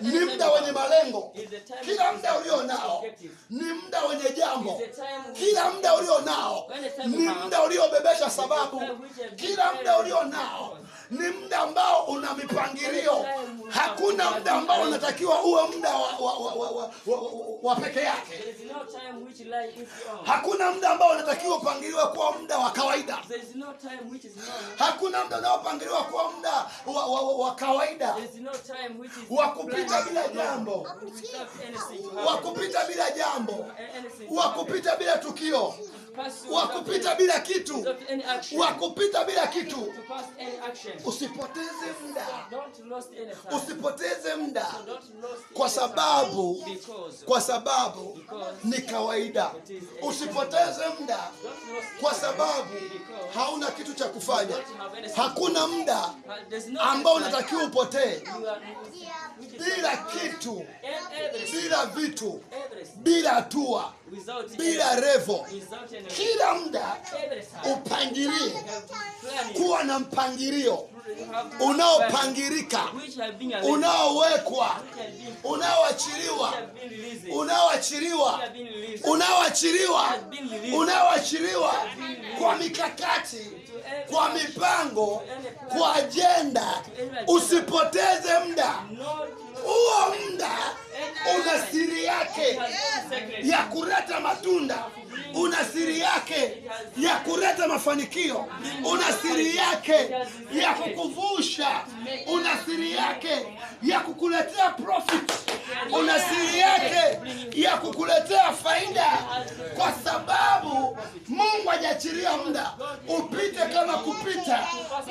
ni muda wenye malengo, kila muda ulio nao ni muda wenye jambo, kila muda ulio nao ni muda uliobebesha sababu, kila muda ulio nao ni muda ambao una mipangilio hakuna muda ambao unatakiwa uwe muda wa, wa, wa, wa, wa, wa, wa, peke yake hakuna muda ambao unatakiwa upangiliwa kuwa muda wa kawaida hakuna muda unaopangiliwa kuwa muda wa, wa, wa, wa kawaida wa kupita bila jambo wa kupita bila jambo wa kupita bila tukio wakupita bila kitu, wakupita bila kitu. Usipoteze muda, usipoteze muda, kwa sababu kwa sababu ni kawaida. Usipoteze muda, kwa sababu hauna kitu cha kufanya. Hakuna muda ambao unatakiwa upotee bila kitu, bila vitu bila hatua bila revo kila muda upangilie kuwa na mpangilio unaopangirika unaowekwa unaoachiliwa unaoachiliwa unaoachiliwa unaoachiliwa kwa mikakati kwa mipango kwa ajenda usipoteze muda ya kuleta matunda, una siri yake ya kuleta mafanikio, una siri yake ya kukuvusha, una siri yake ya kukuletea profit, una siri yake ya kukuletea faida, kwa sababu Mungu hajaachilia muda upite kama kupita